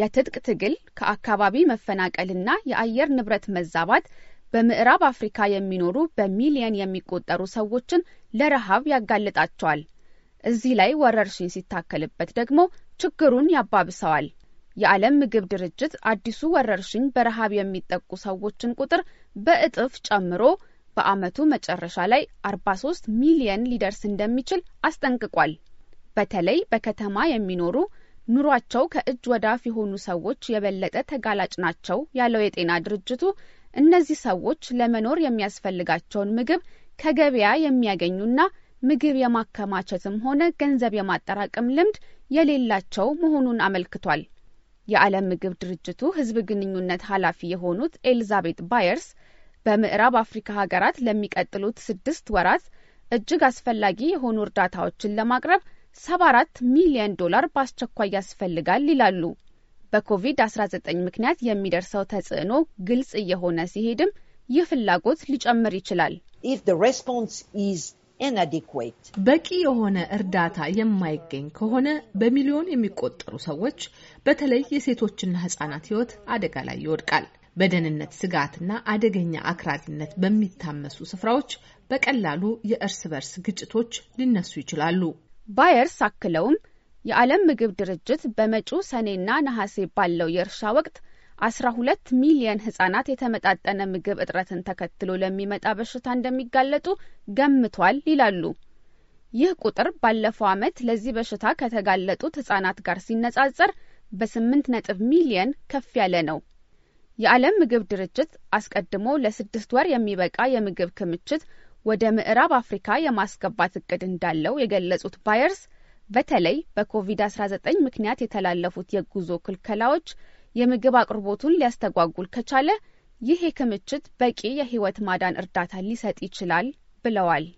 የትጥቅ ትግል ከአካባቢ መፈናቀልና የአየር ንብረት መዛባት በምዕራብ አፍሪካ የሚኖሩ በሚሊየን የሚቆጠሩ ሰዎችን ለረሃብ ያጋልጣቸዋል። እዚህ ላይ ወረርሽኝ ሲታከልበት ደግሞ ችግሩን ያባብሰዋል። የዓለም ምግብ ድርጅት አዲሱ ወረርሽኝ በረሃብ የሚጠቁ ሰዎችን ቁጥር በእጥፍ ጨምሮ በዓመቱ መጨረሻ ላይ 43 ሚሊየን ሊደርስ እንደሚችል አስጠንቅቋል። በተለይ በከተማ የሚኖሩ ኑሯቸው ከእጅ ወዳፍ የሆኑ ሰዎች የበለጠ ተጋላጭ ናቸው ያለው የጤና ድርጅቱ እነዚህ ሰዎች ለመኖር የሚያስፈልጋቸውን ምግብ ከገበያ የሚያገኙና ምግብ የማከማቸትም ሆነ ገንዘብ የማጠራቀም ልምድ የሌላቸው መሆኑን አመልክቷል። የዓለም ምግብ ድርጅቱ ሕዝብ ግንኙነት ኃላፊ የሆኑት ኤልዛቤት ባየርስ በምዕራብ አፍሪካ ሀገራት ለሚቀጥሉት ስድስት ወራት እጅግ አስፈላጊ የሆኑ እርዳታዎችን ለማቅረብ 74 ሚሊዮን ዶላር በአስቸኳይ ያስፈልጋል ይላሉ። በኮቪድ-19 ምክንያት የሚደርሰው ተጽዕኖ ግልጽ እየሆነ ሲሄድም ይህ ፍላጎት ሊጨምር ይችላል። በቂ የሆነ እርዳታ የማይገኝ ከሆነ በሚሊዮን የሚቆጠሩ ሰዎች በተለይ የሴቶችና ህጻናት ህይወት አደጋ ላይ ይወድቃል። በደህንነት ስጋትና አደገኛ አክራሪነት በሚታመሱ ስፍራዎች በቀላሉ የእርስ በርስ ግጭቶች ሊነሱ ይችላሉ። ባየርስ አክለውም የዓለም ምግብ ድርጅት በመጪው ሰኔና ነሐሴ ባለው የእርሻ ወቅት አስራ ሁለት ሚሊየን ህጻናት የተመጣጠነ ምግብ እጥረትን ተከትሎ ለሚመጣ በሽታ እንደሚጋለጡ ገምቷል ይላሉ። ይህ ቁጥር ባለፈው ዓመት ለዚህ በሽታ ከተጋለጡት ህጻናት ጋር ሲነጻጸር በስምንት ነጥብ ሚሊየን ከፍ ያለ ነው። የዓለም ምግብ ድርጅት አስቀድሞ ለስድስት ወር የሚበቃ የምግብ ክምችት ወደ ምዕራብ አፍሪካ የማስገባት እቅድ እንዳለው የገለጹት ባየርስ በተለይ በኮቪድ-19 ምክንያት የተላለፉት የጉዞ ክልከላዎች የምግብ አቅርቦቱን ሊያስተጓጉል ከቻለ ይህ የክምችት በቂ የህይወት ማዳን እርዳታ ሊሰጥ ይችላል ብለዋል።